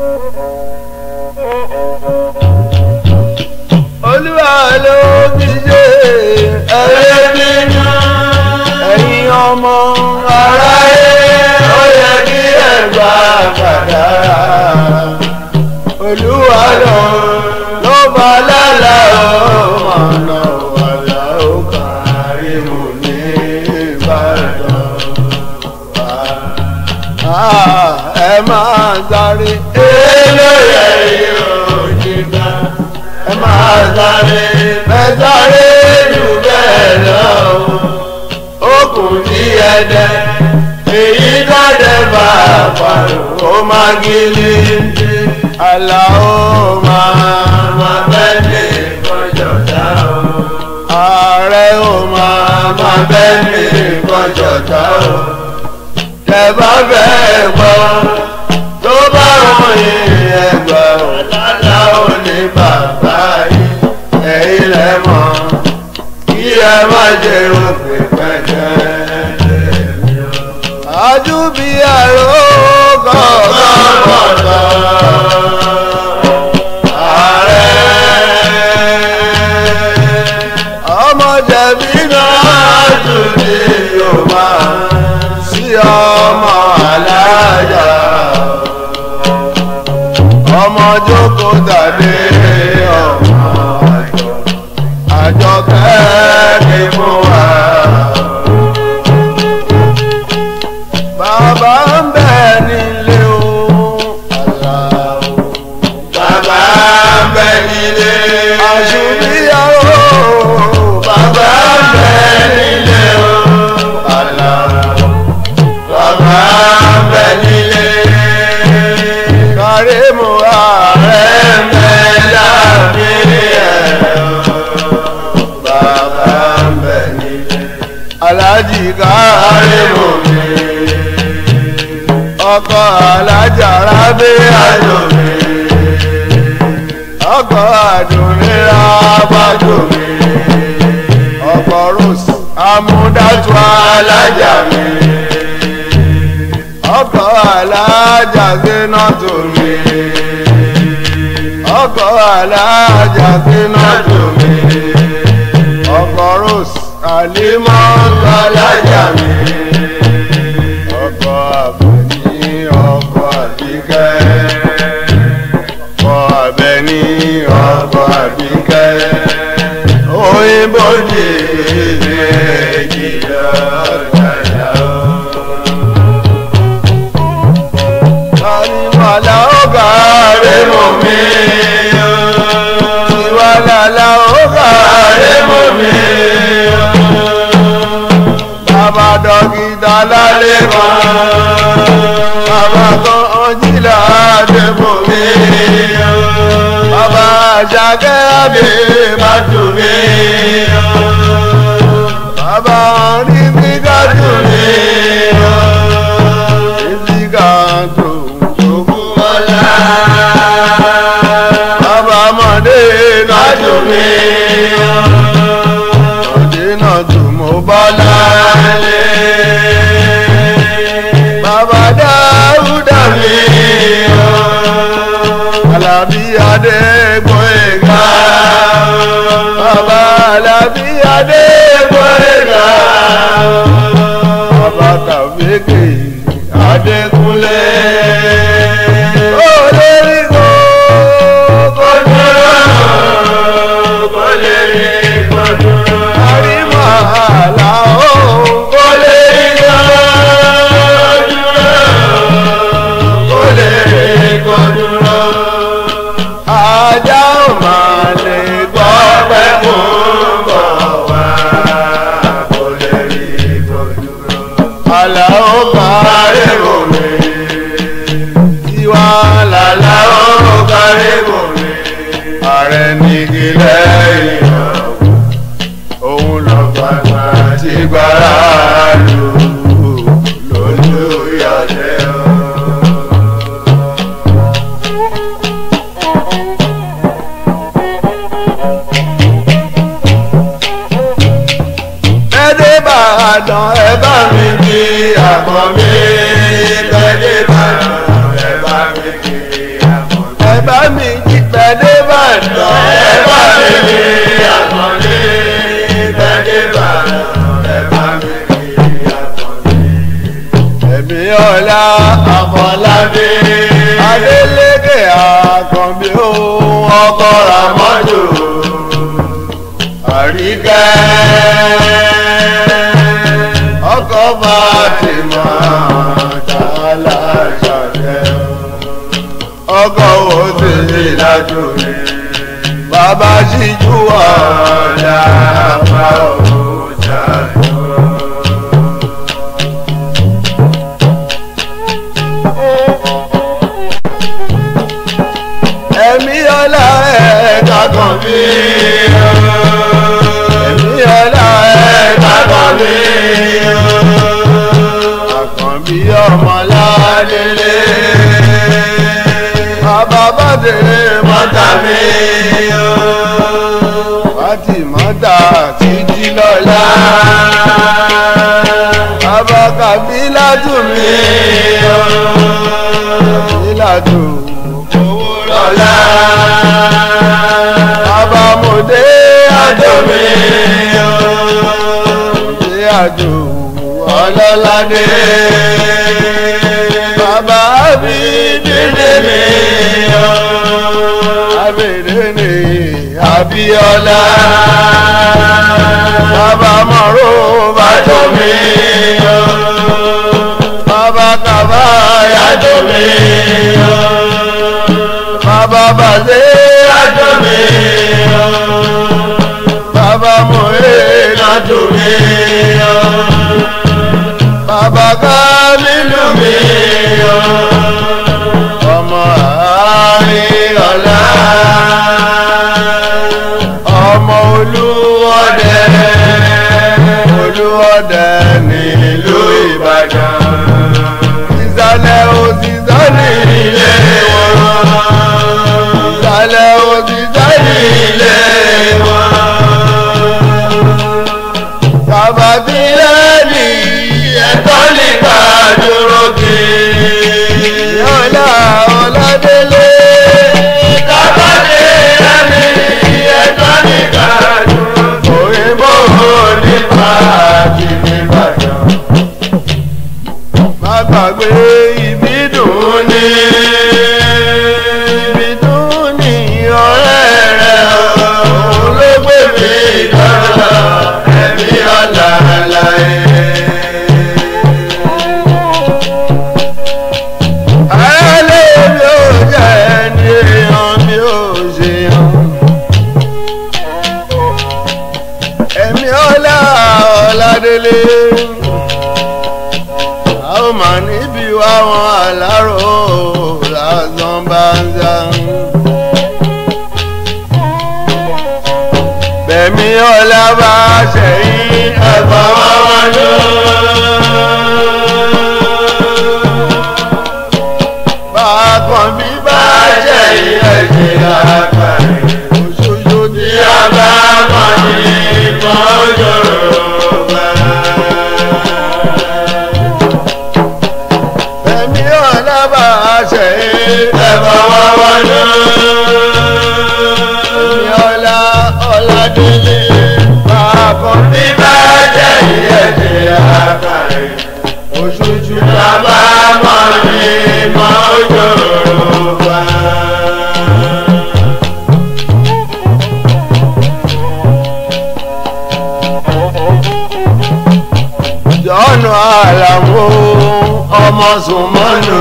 Oh, oh, oh. dẹ́dẹ́ èyí dẹ́dẹ́ bá pariwo ó máa gílé aláwọ̀ máa máa bẹ́ẹ̀ kọjọ dá o. ààrẹ ó máa máa bẹ́ẹ̀ kọjọ dá o. tẹ́ bá bẹ́ẹ̀ gbọ́ tó bá wọn yìí ẹgbẹ́ o lálá ó ní bàbá yìí ẹ̀yin lẹ́mọ̀ kí ẹ má jẹun. ọdún bíi àrò. àdúrà bàjòwe ọkọ̀ rose amúdájú alájà mi ọkọ̀ alájà sínú tòmí ọkọ̀ alájà sínú tòmí ọkọ̀ rose àlímọ́ ọkọ̀ mi. Àbíkẹ́ oyinbọ̀dé ìlà ọ̀gáyà. Àníwàlá ọ̀gá rẹ̀ mọ̀ mí. Ìwàlàlà la rẹ̀ mọ̀ mí. Baba dogi dalale mọ́. nígilẹ̀ ìyàwó òun lọ́gbàgbà ti gbára lò lójú ọlá àfọlábí adélékè àkànbí ó ọkọ ramọdù àríkẹ ọkọ fatima tààlà ṣàkẹ ọkọ wo ti ìlàjò mi bàbá ṣíjú ọ̀la bá òòjà yọ. ẹ̀mí ọlá ẹ̀ka kan bí ẹ̀mí ọlá ẹ̀ka kan bí àkànbí ọmọ ládélé bàbá mọ́tà títí lọ́la. bàbá kàbílà dùn mí kàbílà dùn owó lọ́la. bàbá mòdé àjò mi mòdé àjò ọlọ́lá dé. bàbá mi dídé mi rere ni Abíọ́lá bàbá mọ̀ró bàtọ́ mi yọ. Lord away. Sarah. jọ́nà àlàmú ọmọ sùnmọ́nù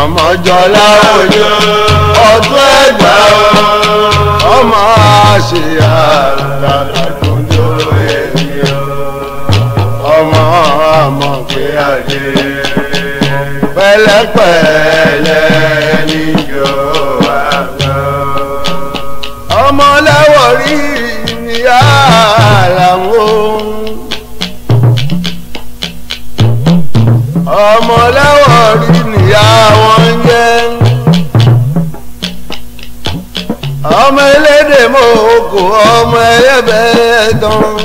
ọmọ jọlá òjò ọdún ẹgbà ọmọ àṣìyà làlàdúndó ènìyàn ọmọ àmọ̀gbé àdé pẹ̀lẹ́pẹ̀lẹ́ níjọ àgbà ọmọ lẹ́wọ̀ rí ìyá àlàmú. ọmọ lẹ́wọ̀n rí nìyá wọn ń jẹ́ ọmọ elédè mòókù ọmọ ẹyẹbẹ tán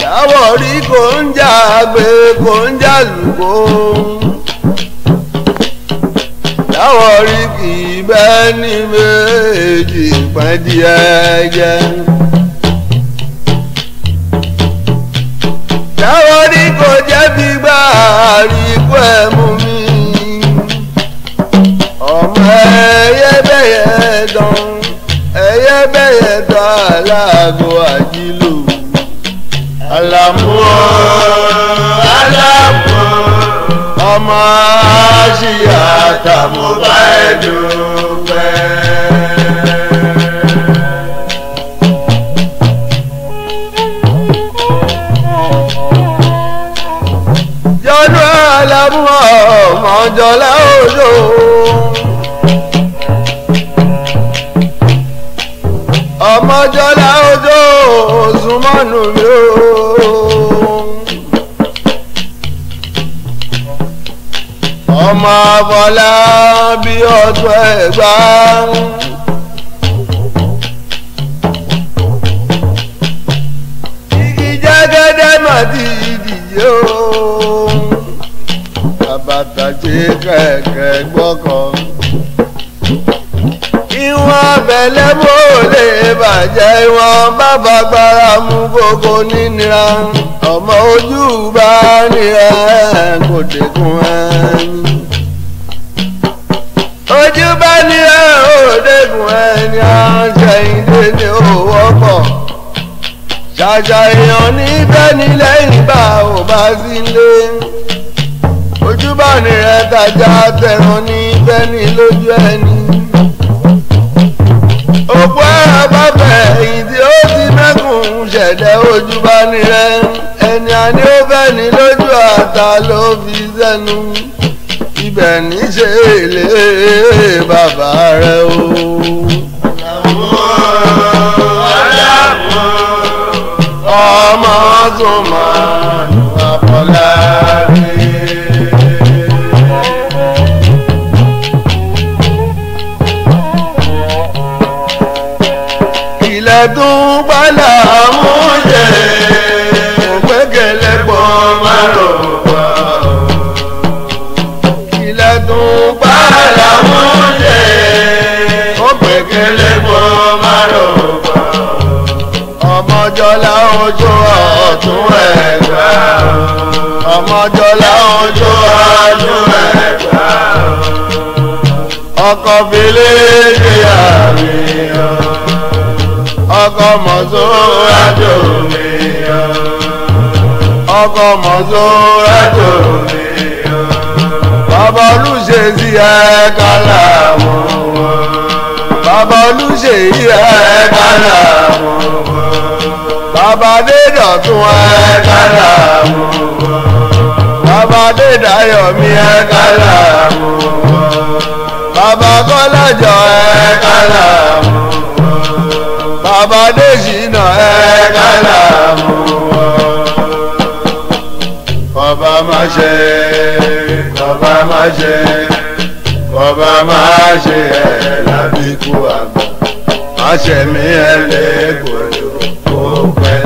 yàwọ̀ rí kò ń jà àgbè kò ń jà lùkò yàwọ̀ rí kì í bẹ́ẹ̀ ní méjì pàdé ẹ̀jẹ̀. táwọn ní kò jẹ́ fi gbà àríkú ẹ̀ mú mi ọmọ ẹyẹ bẹ́yẹ dán ẹyẹ bẹ́yẹ dán aláàgọ́ àjílò àlàmú àlàmú ọmọ àṣìyà tàbí bá ẹ dùn mú ọmọ jọlá òjò. ọmọ jọlá òjò òsùnmọ́nù mi ò. ọmọ afọlá bí ọdún ẹgbàá. gẹ́gẹ́dẹ́ màdìdì yóò bàtà jí kẹ̀kẹ́ gbọ́kọ̀. ìwọ̀n abẹ́lẹ́bọ̀ lè bàjẹ́ ìwọ̀n bàbá gbára mú gbogbo nínira ọmọ ojú bá ní ẹ kò dẹkùn ẹni ojú bá ní ẹ ò dẹkùn ẹni àṣẹyìndé ni ó wọ́pọ̀ ṣàṣà èèyàn níbẹ̀ nílẹ̀ ìgbà ò bá sí lé júbà nìrẹ́ tajà tẹ̀ràn ní fẹ́ni lójú ẹni. òpó ẹ̀rọ bá fẹ̀ èyí tí ó ti mẹ́kùn ṣẹ̀dẹ̀ ojúbà nìrẹ́ ẹni àní ó fẹ́ni lójú àtà ló fi sẹ́nu ibẹ̀ ní ṣe èlé bàbá rẹ̀ o. ọmọ tó máa lù tún bálà mú jẹ ògbẹ́gẹ̀lẹ́ pọ̀ márùn wá. ilẹ̀ tún bálà mú jẹ ògbẹ́gẹ̀lẹ́ ojo márùn wá. ọmọjọ́lá ojú ọ̀tún ẹ̀gbá ọmọjọ́lá ojú ọ̀tún ẹ̀gbá ọkọ mọ̀tò rájò mi o. ọkọ mọ̀tò rájò mi o. bàbá olùṣèṣì ẹ̀ kálá wò wò. bàbá olùṣèṣì ẹ̀ kálá wò wò. bàbá adédọ̀tún ẹ̀ kálá wò bàbá adédayọ̀mí ẹ̀ kálá wò wò. bàbá kọ́lájọ ẹ̀ kálá bàbá Adéṣínà ẹ kálàmù ọba má ṣe ọba má ṣe ọba má ṣe ẹ lábí kú àgbà má ṣe mí ẹ lè gbòdò kó pẹ́.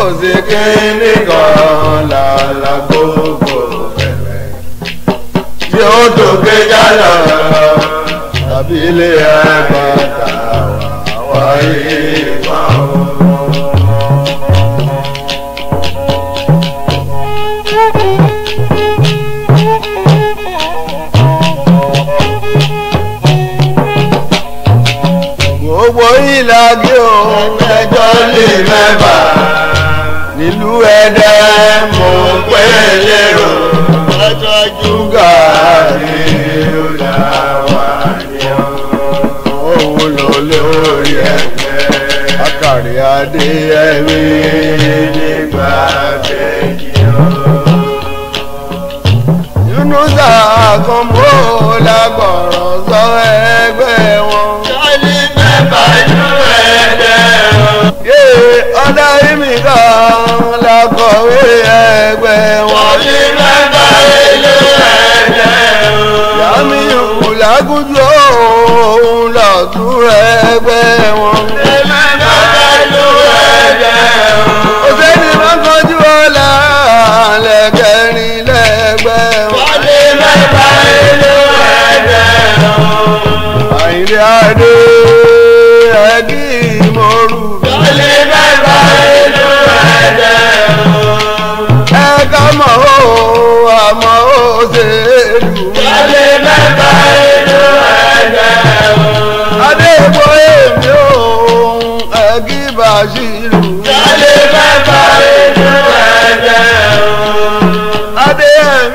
kò sí kíní kan làlà gbogbo bẹ̀rẹ̀ tí ó dòkè jálà tàbí ilé àgbàdà wà wáyé máa wọ. ìlàgé òun ẹjọ́ lè mẹ́fà ìlú ẹ̀dá mo pẹ́ lérò ọjọ́jú gàrí ọ̀dà wà ní ọ̀hún lọ́lé orí ẹ̀fẹ́ akàrí adé ẹ̀mí nígbà méjì ọ̀. Yunusa àkànbó lágbọ̀rọ̀ sọ ẹgbẹ́ wọn. Jọ́lí mẹ́fà ju ẹ̀dẹ̀ wọn. Yé ọ̀dà ìmìkan orí ẹgbẹ́ wọn. Orí mẹ́ta ilé ẹ̀jẹ̀ o. Yàmi ìwúlágúnjọ́ òun làdúrà ẹgbẹ́ wọn. Ẹ máa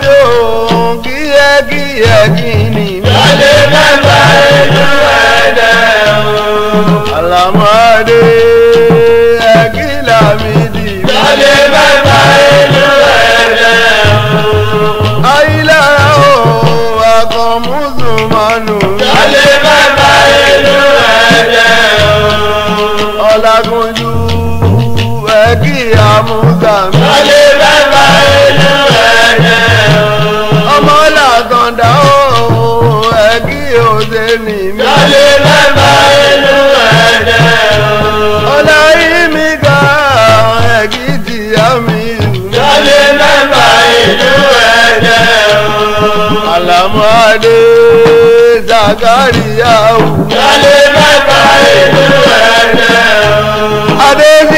mi ò kíyẹ kíyẹ kí ni mi. lọ́lẹ̀ mẹ́fà inú ẹ̀dẹ̀ o. àlàmọ́dé ẹ̀kílà mi dì. lọ́lẹ̀ mẹ́fà inú ẹ̀dẹ̀ o. ayílẹ̀ o ẹ̀kọ́ mùsùlùmánù. lọ́lẹ̀ mẹ́fà inú ẹ̀dẹ̀ o. ọ̀làgùnjù ẹ̀kíyà mú sàmì. lọ́lẹ̀ pàdé Zakariya o. Yálé bàbá ìlú ẹ̀jẹ̀ o. Adébí.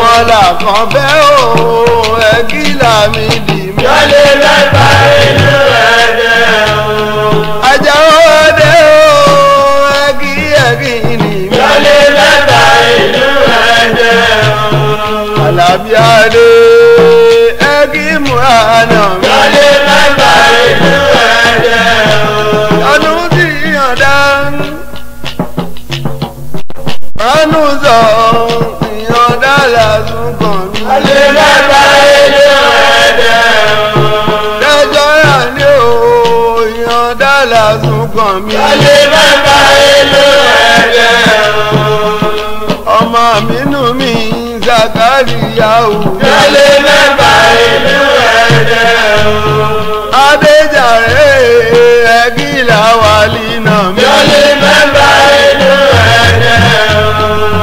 ọmọlà kan bẹ́ o ẹ kí làmì dì mí. yọlé mẹ́fà inú ẹ̀dẹ̀ o. ajá òde o ẹ kí ẹ kí ni mí. yọlé mẹ́fà inú ẹ̀dẹ̀ o. àlàbíàdé ẹ kí mú àná yọlé mẹ́fà inú ẹ̀dẹ̀ o. ọdún tí yàn dá. ọdún zọ̀ọ́ àlèmẹ́ta ilé ẹ̀dẹ̀ lẹ́jọ́ yà ní òyìnbá lásùn kàn mí. àlèmẹ́ta ilé ẹ̀dẹ̀ ọmọ mi nù mí zakariya o. àlèmẹ́ta ilé ẹ̀dẹ̀ adéjàre ẹ̀gílà wàlí nà mí. àlèmẹ́ta ilé ẹ̀dẹ̀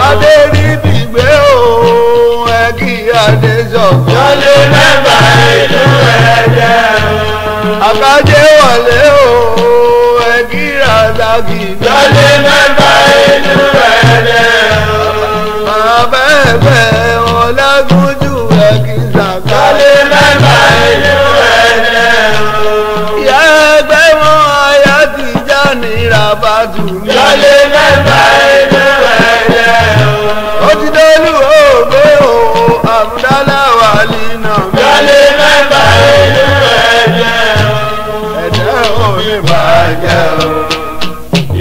adéríbi adé sọ̀kọ̀. Jọ́lé mẹ́fà ìlú ẹ̀jẹ̀ o. Àbájẹ́ wọlé o, ẹ̀gíra lágì. Jọ́lé mẹ́fà ìlú ẹ̀jẹ̀ o. Màá bẹ́ẹ̀ bẹ́ẹ̀. bàjẹ́ o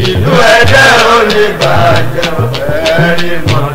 ìlú ẹ̀dẹ́ ò lè bàjẹ́ o ẹ̀rí mọ́.